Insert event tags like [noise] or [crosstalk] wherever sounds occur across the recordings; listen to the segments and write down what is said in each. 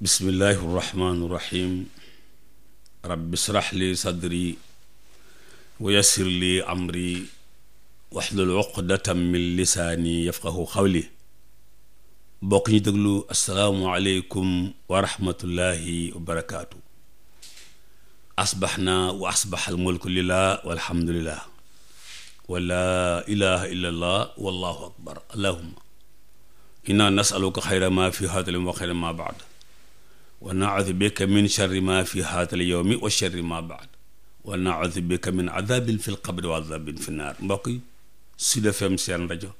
bismillaahi rahmaani rahiim rabbi shrah li sadri wa yassir li amri waxlul uqdatam min lisaani yafqahu xawli bokk ñu déglu asalaamu aleykum wa rahmatullaahi wa barakaatu asbaxna wa asbaxal mulku lillaah walhamdulillaah wa laa ilaaha illallaah wallaahu akbar allaahumma innaa nasaluka xayra maa fii haadal yawm wa xayra maa ba'd wa naudu bika min sharri ma fi haatal yowmi wa sharri ma baad wa naudu bika min adabin fi lqabri wa adabin fi naar mbokk yi Sud FM seen rajo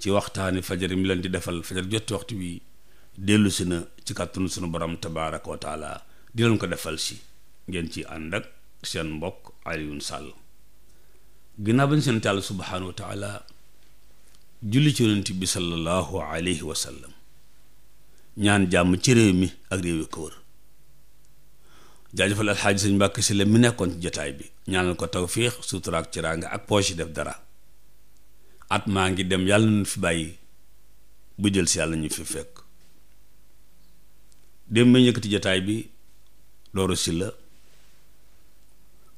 ci waxtaani fajar mi leen di defal fajar jotti waxtu wi dellu si na ci kàttanu sunu borom tabaaraka wa taala di leen ko defal si ngeen ci àndak seen mbokk Alioune Sall ginnaaw bañ seen tàll subhaanahu wa taala julli ci yonent bi sallallahu wa sallam ñaan jàmm ci réew mi ak réew yu ko wër jaajëfal alxaaji sëñ Mbàkke si la mi nekkoon ci jotaay bi ñaanal ko tawfiix sutura ak ciraanga ak poche def dara at maa ngi dem yàlla ñu fi bàyyi bu jël si yàlla ñu fi fekk dem ma yëkkati jotaay bi loolu si la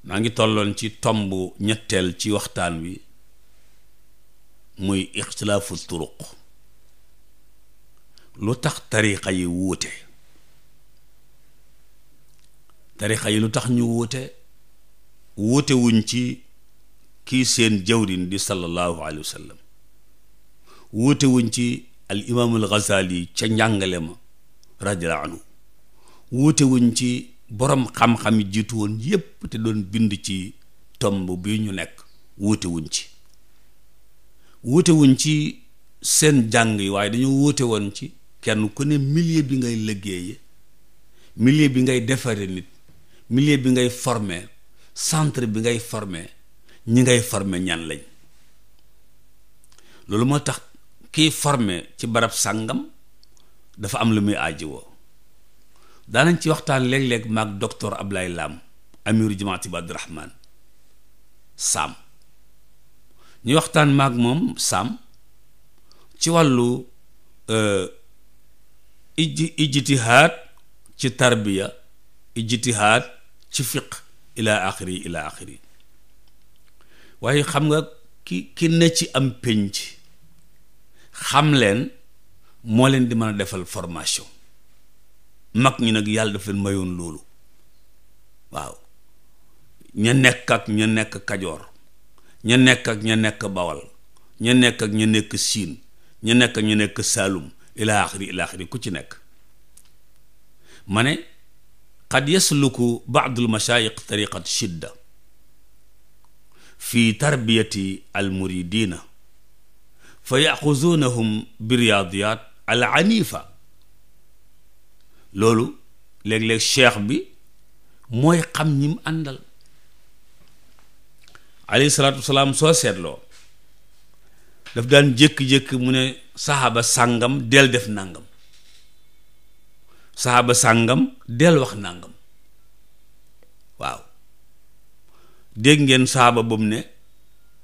maa ngi tolloon ci tomb ñetteel ci waxtaan wi muy ixtilaafu turuq lu tax tarixa yi wuute tarixa yi lu tax ñu wuute wuute ci kii seen jawrin di sallallahu alayhi wa sallam ci al imaamul Ghazali ca njàngale ma radiyallahu anhu wuute ci boroom xam-xam yi jiitu woon yépp te doon bind ci tomb bi ñu nekk wuute ci wuute ci seen jàng yi waaye dañoo wuute woon ci kenn ku ne bi ngay liggéeye millier bi ngay defare nit milieu bi ngay forme centre bi ngay former ñi ngay forme ñan lañ loolu moo tax kiy forme ci barab sàngam dafa am lu muy aajowoo daanañ ci waxtaan léeg-léeg maag docteur Ablaye Lam amiru jamaati ba Abdurahman Sam ñu waxtaan maag moom Sam ci wàllu euh, iji ijtihaad ci tarbiya ijtihaad ci fiq ila axiri ila axiri waaye xam nga ki ki ne ci am pénc xam leen moo leen di mën a defal formation mag ñi nag yàlla dafa leen mayoon loolu waaw ña nekk ak ña nekk kajoor ña nekk ak ña nekk bawal ña nekk ak ña nekk siin ñu nekk ak ña nekk saalum ilaa axiri ilaa axiri ku ci nekk ma ne qad yasluku baadul mashaayix tariqat shidda fi tarbiyati al muridina fa yaxuzunahum bi riyaadiyaat al anifa loolu léeg-léeg cheikh bi mooy xam ñim àndal alayhi salaatu wasalaam soo seetloo daf daan jékki-jékki mu ne saxaaba sàngam del def nàngam saxaaba sàngam del wax nàngam waaw dégg ngeen saxaaba boobu ne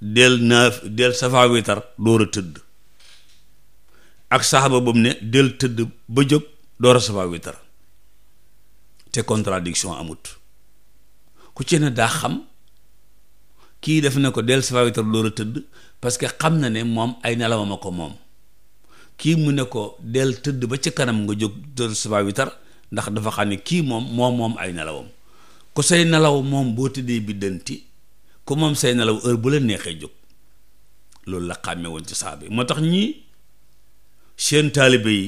del naaf del safa witar door a tëdd ak saxaaba boobu ne del tëdd ba jóg door a safa witar te contradiction amut ku ci ne daa xam kii def na ko del safa witar door a tëdd parce que xam na ne moom ay nelawam a ko moom kii mu ne ko del tëdd ba ci kanam nga jóg dër suba witar ndax dafa xam ne kii moom moom moom ay nelawam ku say nelaw moom boo tëddee bi dënti ku moom say nelaw heure bu la neexee jóg loolu la xàmmee woon ci saaba yi moo tax ñii seen taalibe yi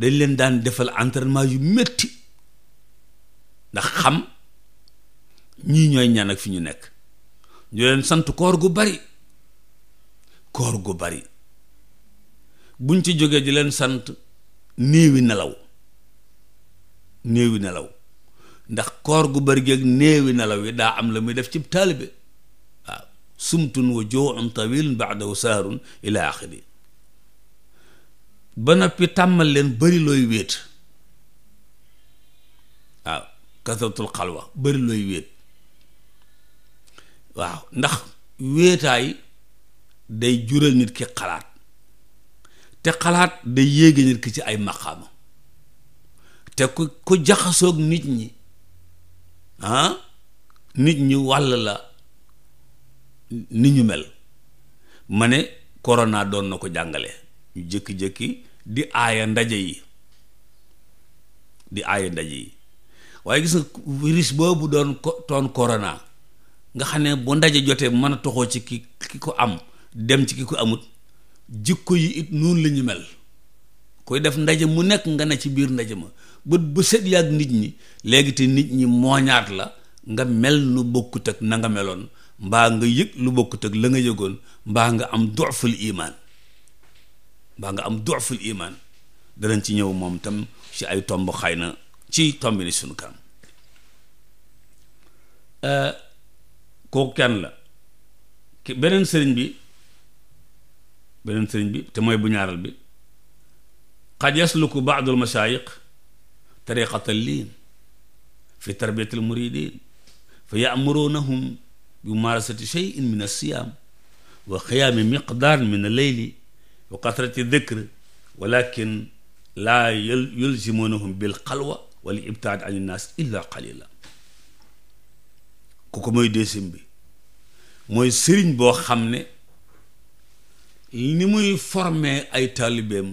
dañ leen daan defal entraînement yu métti ndax xam ñii ñooy ñaan ak fi ñu nekk ñu leen sant koor gu bari koor gu bari buñ ci jógee di leen sant néewi nelaw néewi nelaw ndax koor gu bari géeg néewi nelaw yi daa am la muy def cib taalibe waaw sumtun wa joun tawilun baadahu saharun ila axiri ba noppi tàmmal leen bari looy wéet waaw kasratul xalwa bari looy wéet waaw ndax wéetaay day jural nit ki xalaat te xalaat day yéege nit ki ci ay maqaama te ku ku jaxasoog nit ñi ah, nit ñi wàll la ni ñu mel ma ne korona doon na ko jàngale ñu jëkki-jëkki di aaya ndaje yi di aaya ndaje yi waaye gis nga virus boobu doon ko toon nga xam ne bu ndaje jotee mën a toxoo ci ki ki ko am dem ci ki ko amut jikko yi it noonu lañu mel koy def ndaje mu nekk nga ne ci biir ndaje ma bët bu set yàgg nit ñi léegi te nit ñi mooñaat la nga mel nu bokkut ak na nga meloon mbaa nga yëg lu bokkut ak la nga yëgoon mbaa nga am doful imaan nga am doful imaan danañ ci ñëw moom tam ci ay tomb xay na ci tomb ni sunu kanam euh, kooku kenn la beneen sëriñ bi beneen sëriñ bi te mooy bu ñaaral bi xad yasluku baadul masaayiq tariqatal liin fi tarbiyatil muridin fa yaamuruunahum bi mumaarasati cheyin min alsiyaam wa xiyaami miqdaar min alleyli wa kasrati dikr walakin laa yulzimunahum bil xalwa wal ibtaad an innaas illa qalila ku ko mooy deuxième bi mooy sëriñ boo xam ne ni muy forme ay taalibeem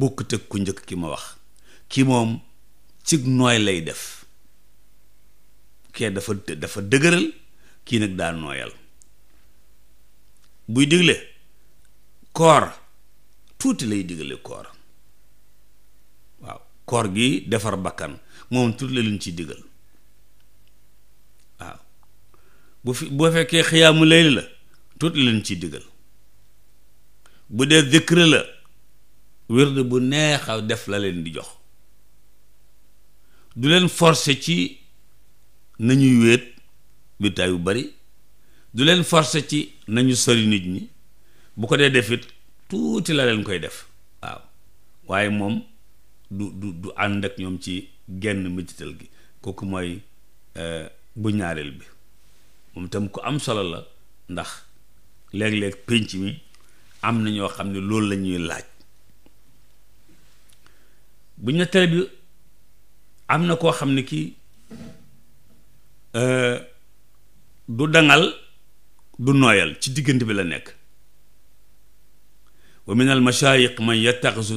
bokkut ak ku njëkk ki ma wax ki moom ci nooy lay def kee dafa dafa dëgëral kii nag daa nooyal buy digle koor tuuti lay digle koor waaw koor gi defar bakkan moom tuuti la luñ ci digal waaw bu fi bu fekkee xiyaamu layli la tuuti la luñ ci digal bu dee zikr la wird bu neexa def la leen di jox du leen forcer ci nañuy wéet bitaay bu bari du leen forcer ci nañu sori nit ñi bu ko dee defit tuuti la leen koy def waaw waaye moom du du du ànd ak ñoom ci genn mitital gi kooku mooy euh, bu ñaareel bi moom itam ku am solo la ndax léeg-léeg pénc mi am na ñoo xam ne loolu lañuy laaj bu ñetteel bi am na koo xam ne ki euh, du dangal du nooyal ci diggante bi la nekk wa min al mashayiq man yattaxisu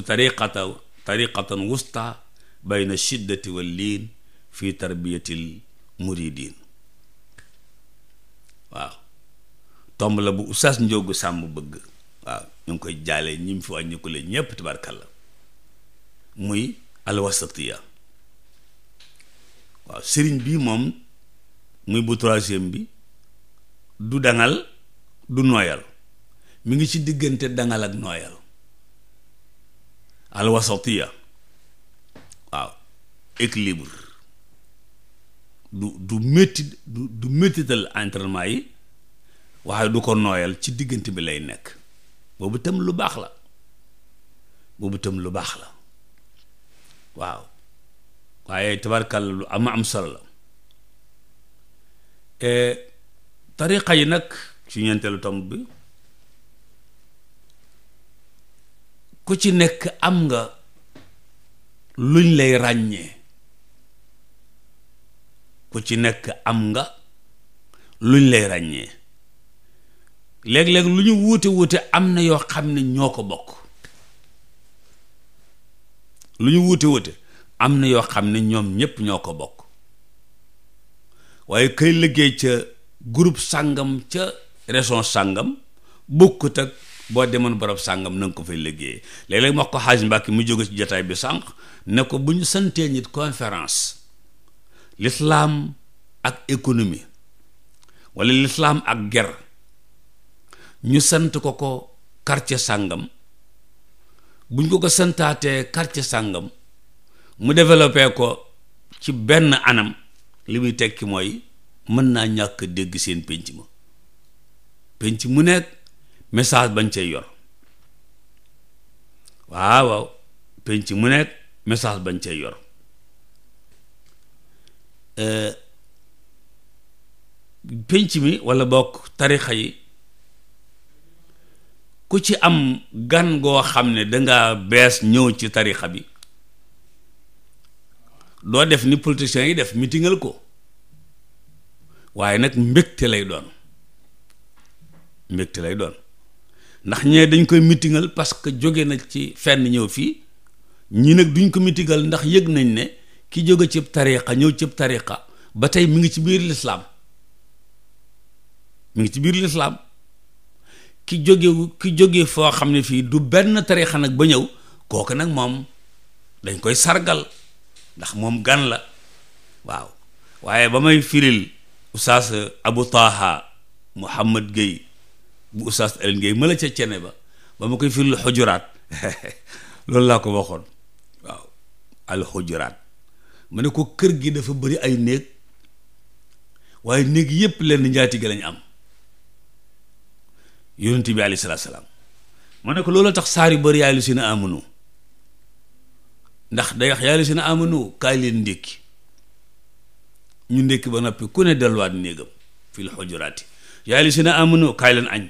tariqatan wusta bayna shiddati wal liin fi tarbiyatil muridin waaw tomb la bu Oustaz Ndiogou Samb bëgg ñu ngi koy jaale ñi mu fi wàññiku la ñépp tabarkalla muy alwasatiya waaw sëriñ bi moom muy bu troisième bi du daŋal du nooyal mu ngi ci diggante dangal ak nooyal alwasatiya waaw équilibre du du métti du du méttital yi waaye du ko nooyal ci diggante bi lay nekk boobu tam lu baax la boobu tam lu baax la waaw waaye tabarkàlla lu am am solo la e, tariqa yi nag ci ñeenteelu tomb bi ku ci nekk am nga luñ lay ràññee ku ci nekk am nga luñ lay ràññee léeg-léeg lu ñu wuute wuute am na yoo xam ne ñoo ko bokk lu ñu wuute wuute am na yoo xam ne ñoom ñépp ñoo ko bokk waaye këy liggéey ca groupe sàngam ca région sàngam bokkut ak boo demoon barab sàngam na ko fay liggéeyee léeg-léeg wax ko xaaj Mbàkke mu jóge ci jotaay bi sànq ne ko bu ñu santee nit conférence l'islam ak économie walla lislaam ak guerre ñu sant ko ko quartier sàngam buñ ko ko santaatee quartier sàngam mu développé ko ci benn anam li muy tekki mooy mën naa ñàkk dégg seen pénc ma pénc mu nekk message bañ cay yor waaw pénc mu nekk message bañ cay yor euh, pénc mi walla bokk tarixa yi ku ci am gan goo xam ne dangaa bees ñëw ci tarixa bi doo def ni politiciens yi def mitingal ko waaye nag mbëgte lay doon mbégte lay doon ndax ñee dañ koy mitingal parce que jóge na ci fenn ñëw fii ñi nag duñ ko mitingal ndax yëg nañ ne ki jóge cib tariqa ñëw cib tariqa ba tey mi ngi ci biir lislaam mu ngi ci biir lislaam ki jóge ki jóge foo xam ne fii du benn tarixa nag ba ñëw kooku nag moom dañ koy sargal ndax moom gan la waaw waaye ba may firil oustaz Abou Taha Mouhamad Gueye bu oustaz Alioune Gueye ma la ca cene ba ba ma koy firil xujuraat [laughs] loolu laa ko waxoon waaw al xujuraat ma ne ko kër gi dafa bari ay néeg waaye néeg yépp leen njaati gi lañ am yonent bi aleyhi salaam ma ne ko loolu tax saar yu bari bëri yaa ayyuhallaziina aamanu ndax day wax yaa ayyuhallaziina aamanu kaay leen ndékki ñu ndékki ba noppi ku ne delluwaat néegam fil xujuraati yaa ayyuhallaziina aamanu kaay leen añ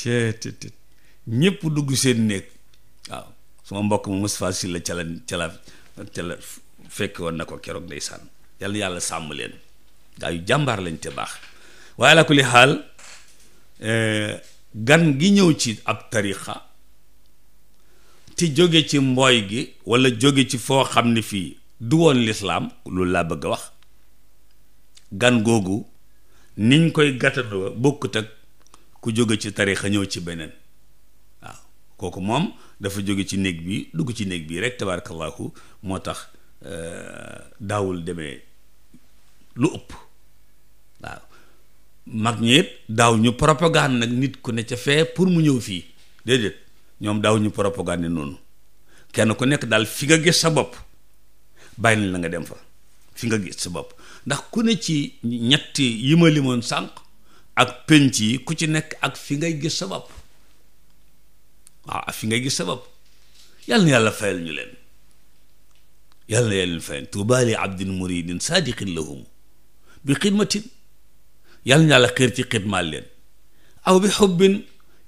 seetit [laughs] ñëpp dugg seen néeg suma mbokk mu Moustapha Sylla la ca la ca la fekk woon na ko keroog ndeysaan yàlla yàlla sàmm leen gaa jàmbaar lañ te baax waaye ala kulli xaal eh, gan gi ñëw ci ab tarixa te jóge ci mbooy gi walla jóge ci foo xam ne fii du woon lislaam lu laa bëgg a wax gan googu niñ koy gàttandoo bokkut ku jóge ci tarixa ñëw ci beneen waaw kooku moom dafa jóge ci néeg bi dugg ci néeg bi rek tabarakallahu moo tax eh, daawul deme lu ëpp waaw mag ñeet daaw ñu propagande nag nit ku ne ca fee pour mu ñëw fii déedéet ñoom daaw ñu propagande noonu kenn ku nekk daal fi nga gis sa bopp bàyyi nañ la nga dem fa fi nga gis sa bopp ndax ku ne ci ñetti yi limoon sànq ak penc yi ku ci nekk ak fi ngay gis sa bopp waaw ak fi ngay gis sa bopp yàlla na yàlla fayal ñu leen yàlla na yàlla leen fayal tuubaali abdin muridin la lahum bi xidmatin yàlla ñu yàlla xeer ci xidmaal leen aw bi xubbin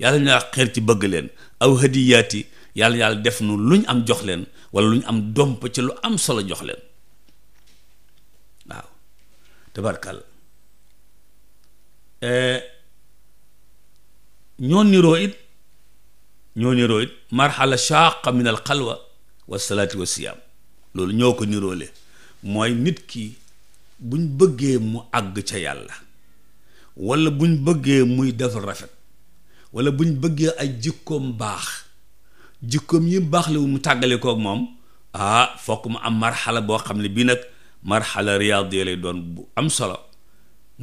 yàlla ñu yàlla xeer ci bëgg leen aw hadiyaati yàlla ñu yàlla def nu lu ñu am jox leen wala lu ñu am domp ci lu am solo jox leen eh, ñoo niroo it ñoo niroo it marxala shaaqa min al xalwa wa salaati wa siyaam loolu ñoo ko niroole mooy nit ki buñ bëggee mu àgg ca yàlla wala buñ bëggee muy def rafet wala buñ bëggee ay jikkoom baax jikkoom yi baax la mu tàggale kook moom ah fokk mu am marxala boo xam ne bii nag marxala riyaadiya lay doon bu am solo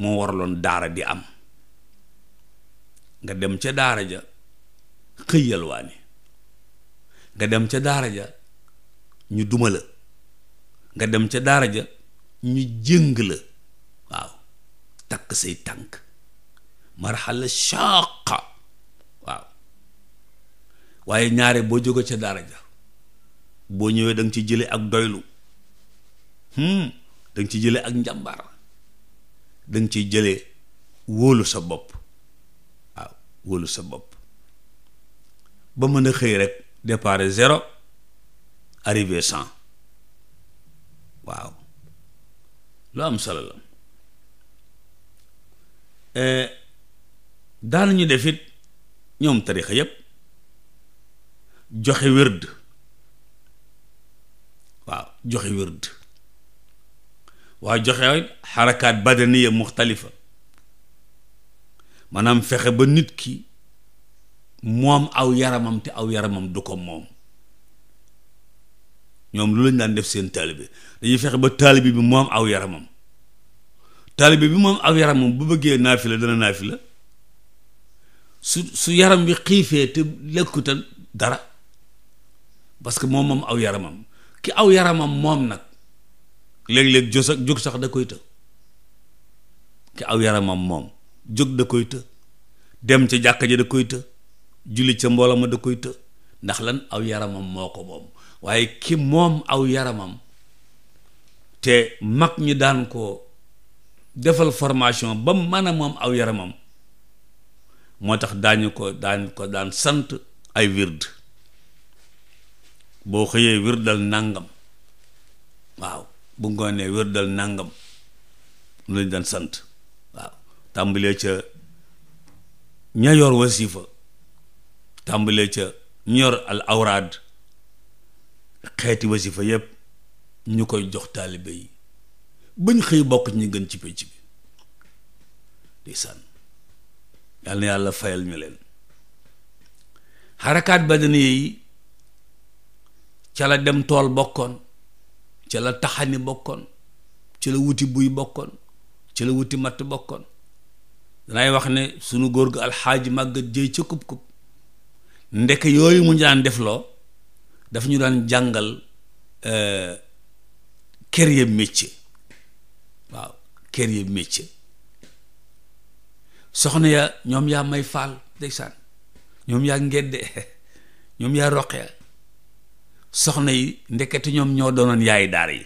moo waraloon daara di am nga dem ca daara ja xëy yalwaani nga dem ca daara ja ñu duma la nga dem ca daara ja ñu jëng la waaw takk say tànk marxala shaqa waaw waaye ñaare boo jóge ca daara boo ñëwee danga nga ci jële ak doylu hmm. da nga ci jële ak njàmbaar danga nga ci jële wóolu sa bopp waaw wóolu sa bopp ba mën a xëy rek départ zéro arrivé cent waaw lu am solo la eh, daanañu def it ñoom tarixa yépp joxe wérd waaw joxe wérd waaye joxe xarakaat badaniya muxtalifa maanaam fexe ba nit ki moom aw yaramam te aw yaramam du ko moom ñoom lu lañ daan def seen taalibe dañuy fexe ba taalibe bi moom aw yaramam taalibe bi moom aw yaramam bu bëggee naafila dana naafila su su yaram wi xiifee te lekkutal dara parce que moom moom aw yaramam ki aw yaramam moom nag léeg-léeg jóg sax jóg sax da koy të ki aw yaramam moom jóg da koy të dem ca jàkka ja da koy të julli ca mbooloo ma da koy të ndax lan aw yaramam moo ko moom waaye ki moom aw yaramam te mag ñi daan ko defal formation ba mën a moom aw yaramam moo tax daañu ko daañu ko daan sant ay wird boo xëyee wirdal nàngam waaw bu ngoonee wirdal nàngam lañ daan sant waaw tàmbalee ca ña yor wasifa tàmbalee ca ñor al awraad xeeti wasifa yépp ñu koy jox taalibe yi bañ xëy bokk ñu gën ci pécc bi ndeysaan yàlla yàlla fayal ñu leen xarakaat badani yi ca la dem tool bokkoon ca la taxani bokkoon ca la wuti buy bokkoon ca la wuti matt bokkoon danay wax ne sunu góor gi gu alxaaji màggat jëy ca kub-kub ndek yooyu mu ñu daan defloo dafa ñu daan jàngal euh, kër ya métier waaw kër ya métier soxna ya ñoom yaa may faal ndeysaan ñoom yaa ngedde [laughs] ñoom yaa roqee soxna yi ndekete ñoom ñoo doonoon yaay daar yi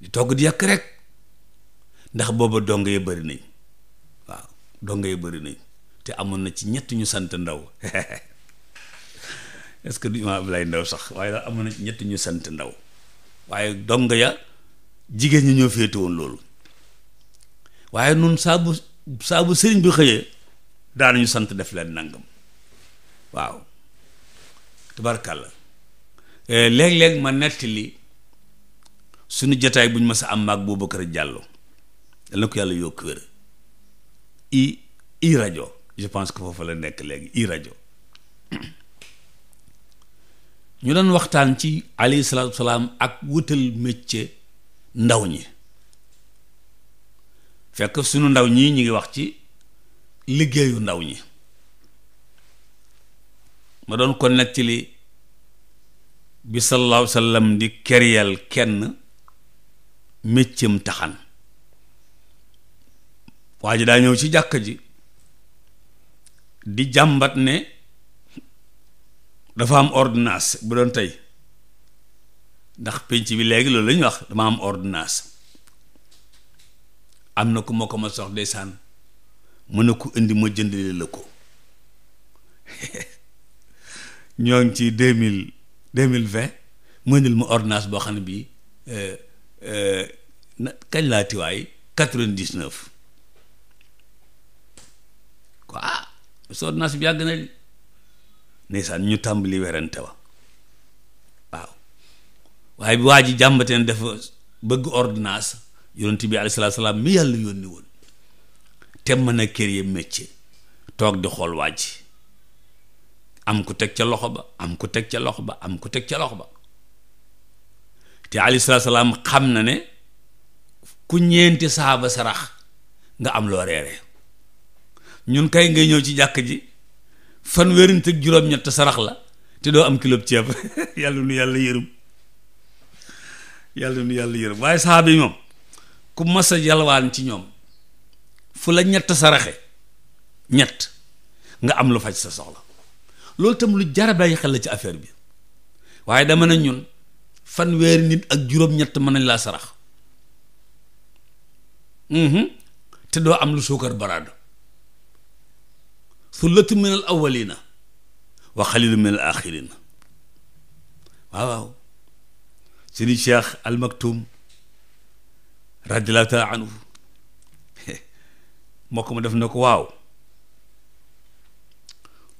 di togg di yàkk rek ndax booba dongo ya bëri nañ waaw dongo ya bëri nañ te amoon na ci ñett ñu sant ndaw [laughs] est-ce que du imaam lay ndaw sax waaye daal amoon na ci ñett ñu sant ndaw waaye dongo ya jigéen ñi ñoo féete loolu waaye nun saabu saa bu sëriñ bi xëyee daanañu sant def leen nangam waaw tabarkàlla eh, léeg-léeg ma li suñu jotaay bu ñu mas a am maag Boubacar Diallo yal na ko yàlla yokk wér i i rajo je pense que foofu la nekk léegi i rajo ñu doon waxtaan ci alayhi salaam ak wutal métier ndaw ñi fekk sunu ndaw ñi ñu ngi wax ci liggéeyu ndaw ñi ma doon ko nettali bi sallallahu alayhi sallam di keryal kenn méccam taxan waa ji daa ñëw ci jàkk ji di jàmbat ne dafa am ordonnance bu doon tey ndax pénc bi léegi loolu lañuy wax dama am ordonnance am na ku ma ko ma sox ndeysaan mu ne ko indi ma jëndale la ko [laughs] ñoo ngi ci deux mille deux mille vingt mu indil ma ordonnance boo xam ne bi euh, euh, kañ laa tiwaay quatre-vingt-dix-neuf ko ah sa ordonnance bi yàgg na li ndeysaan ñu tàmbali werante wa waaw waaye bi waa ji jàmbateen dafa bëgg ordonnance yoon bi alayhi salaatu salaam mi yàlla yónni woon te mën a kër yi métier toog di xool waa am ku teg ca loxo ba am ku teg ca loxo ba am ku teg ca loxo ba te alayhi salaatu salaam xam na ne ku ñeenti saaba sarax nga am loo reere ñun kay ngay ñëw ci jàkk ji fanweeri nit ak juróom-ñett sarax la te doo am kilo ceeb [laughs] yàlla nu yàlla yërëm yàlla nu yàlla yërëm waaye saaba yi moom ku mas a yalwaan ci ñoom fu la ñett saraxe ñett nga am lu faj sa soxla loolu itam lu jar a xel la ci affaire bi waaye dama na ñun fanweeri nit ak juróom-ñett mën nañ laa sarax mhm. te doo am lu suukar baraado sullatu min al awalina wa xalilu min al axirina waaw waaw sëriñ Cheikh radiallahu taala [laughs] mbokk ma def na ko waaw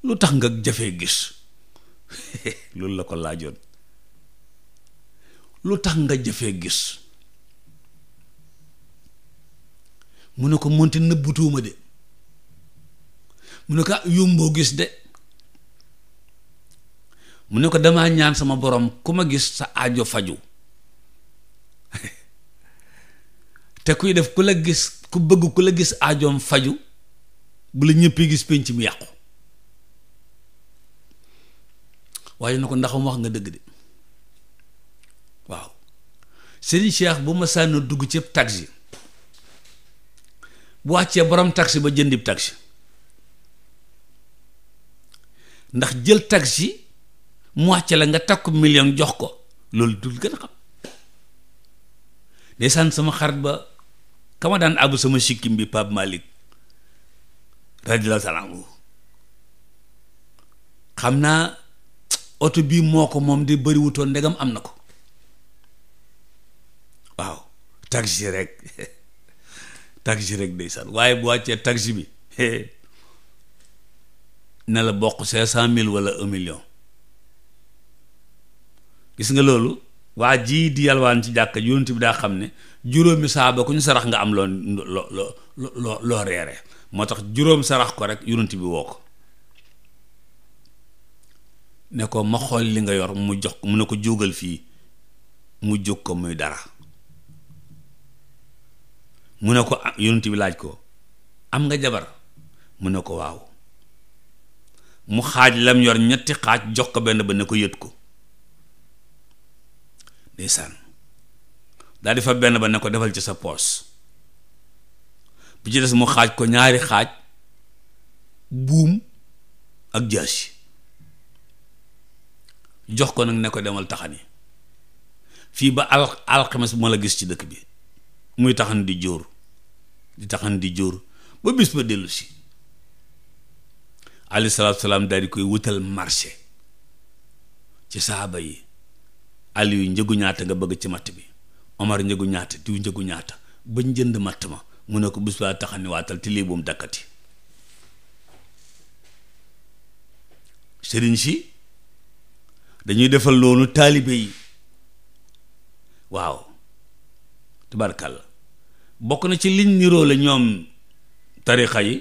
lu tax nga jafee gis [laughs] loolu la ko laajoon lu tax nga jafee gis mu ne ko monte nëbbutuuma de mu ne ko ah, yomboo gis de mu ne ko damaa ñaan sama borom ku ma gis sa aajo faju [laughs] te kuy def ku la gis ku bëgg ku la gis aajoom faju bu la ñëppee gis penc mi yàqu waaye na ko ndaxam wax nga dëgg de waaw Serigne Cheikh bu ma sànni dugg ci taxi bu wàccee borom taxi ba jëndib taxi ndax jël taxi mu wàcce la nga takku million jox ko loolu dul gën a xam ndeysaan sama xarit ba kama daan àbb sama sikkim bi Pape Malick radiyallahu taala anhu xam naa oto bii moo ko moom de bariwutoo ndegam am na ko waaw taxi rek [laughs] taxi rek ndeysaan waaye bu wàccee taxi bi [laughs] ne la bokk cinq cent mille wala un million gis nga loolu waa jii di yàlla yalwaan ci jàkka yonent bi daa xam ne juróomi saaba ku ñu sarax nga am loo loo loo loo reere moo tax juróom sarax ko rek yonent bi woo ko ne ko ma xool li nga yor mu jox mu ne ko jógal fii mu jóg ko muy dara mu ne ko ah, yonent bi laaj ko am nga jabar mu ne ko waaw mu xaaj lam yor ñetti xaaj jox ko benn ba ne ko yët ko ndeysaan daal di fa benn ba ne ko defal ci sa poos bi ci des mu xaaj ko ñaari xaaj buum ak jaasi jox ko nag ne ko demal taxani fii ba al alxames moo la gis ci dëkk bi muy taxan di jóor di taxan di jóor ba bis ba dellu si aleyhi salaam daal di koy wutal marché ci saaba yi àll yu njëgu ñaata nga bëgg ci matt bi Omar njëgu ñaata diw njëgu ñaata bañ jënd matt ma mu ne ko bis baa taxani waatal te lii bu dakkati sëriñ si dañuy defal loolu taalibe yi waaw tubarkàlla bokk na ci liñ niroo la ñoom tarixa yi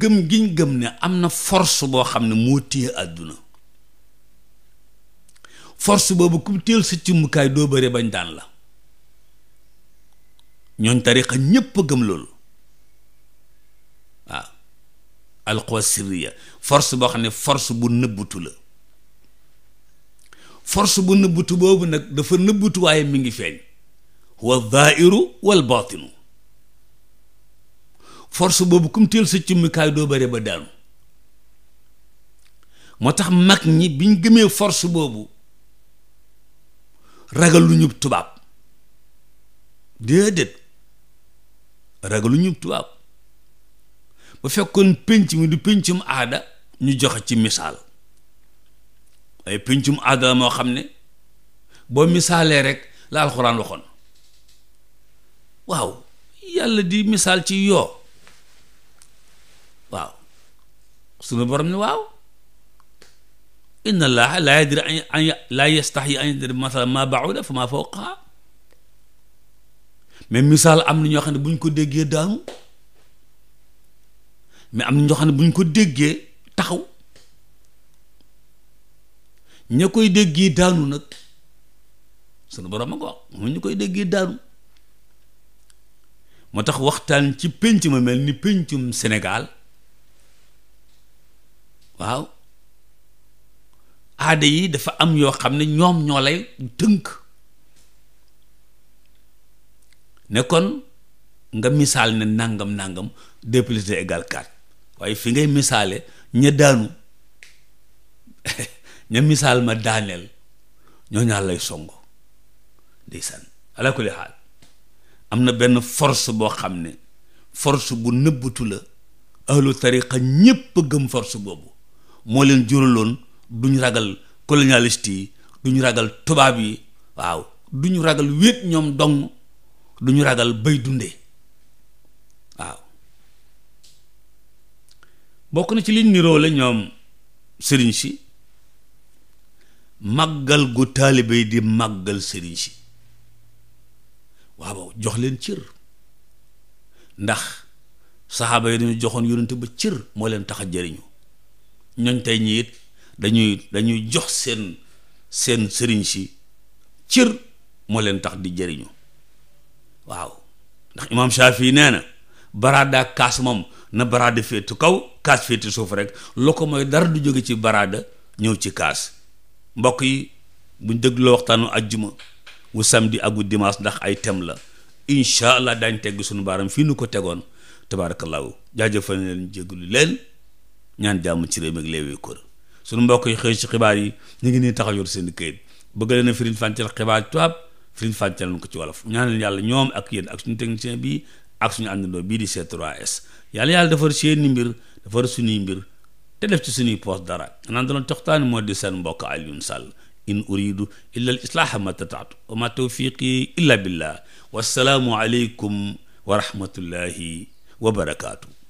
gëm giñ gëm ne am na force boo xam ne moo téye àdduna force boobu ku teel sa cumbukaay doo bare bañ daan la ñooñ tariqa gëm loolu waaw alquwa force boo xam ne force bu bu nëbbutu boobu nag dafa nëbbutu mi ngi feeñ wa boobu kum teel sa doo bëre ba daanu moo tax mag ñi biñ gëmee force boobu ragaluñu tubaab déedéet ragaluñu tubaab bu fekkoon pénc mi du péncum aada ñu joxe ci misaal ay péncum aada moo xam ne boo misaalee rek la alxuraan waxoon waaw yàlla di misaal ci yoo waaw sunu borom ne waaw inna allaha laa yadri an laa yastaxyi an yadriba masalan maa ba'uda fa maa fawqaha mais misaal am na ñoo xam ne bu ñu ko déggee daanu mais am na ñoo xam ne bu ñu ko déggee taxaw ña koy déggee daanu nag sunu borom a ko wax mu ñu koy déggee daanu moo tax waxtaan ci pénc ma mel ni péncum Sénégal waaw aada yi dafa am yoo xam ne ñoom ñoo lay tënk ne kon nga misaal ne nangam nangam deux plus deux waaye fi ngay misaale ña daanu [laughs] ña misaal ma daaneel ñoo ñaar lay songo ndeysaan ala kulli xaal am na benn force boo xam ne force bu nëbbatu la ahlu tariqa ñépp gëm force boobu moo leen juraloon duñu ragal colonialiste yi duñu ragal tubaab yi waaw duñu ragal wéet ñoom dong duñu ragal bay dunde waaw bokk na ci liñ niroo ñoom sëriñ si màggal gu taalibe yi di màggal sëriñ si waaw jox leen cër ndax saxaaba yi dañu joxoon yonente ba cër moo leen tax a jëriñu ñooñ tey ñi it dañuy dañuy jox seen seen sëriñ si cër moo leen tax di jëriñu waaw ndax imaam Shaafi nee na baraada kaas moom na baraada féetu kaw kaas féetu suuf rek loo ko mooy dara du jóge ci baraada ñëw ci kaas mbokk yi buñ dégloo waxtaanu ajjuma wu samedi ak wu dimaas ndax ay tem la incha allah daañ teg sunu baaram fii nu ko tegoon tabaarakallaahu jaajëfal leen jégalu leen ñaan jàmm ci réew mi ak léewi kër sunu mbokk yi xëy ci xibaar yi ñu ngi nii taxaw yor seen këyit bëgg leen a firin fàncal xibaar tubaab firin fàncal ko ci wolof ñaan leen yàlla ñoom ak yéen ak suñu technicien bii ak suñu àndandoo bii di C3S yàlla yàlla defar mbir defar suñuy mbir te def ci suñuy poos dara anaan doon toxtaani moo di seen mbokk Alioune Sall in uridu illa al islaaha ma tataatu wa ma tawfiqi illa billah wassalaamu aleykum wa rahmatullahi wa barakaatu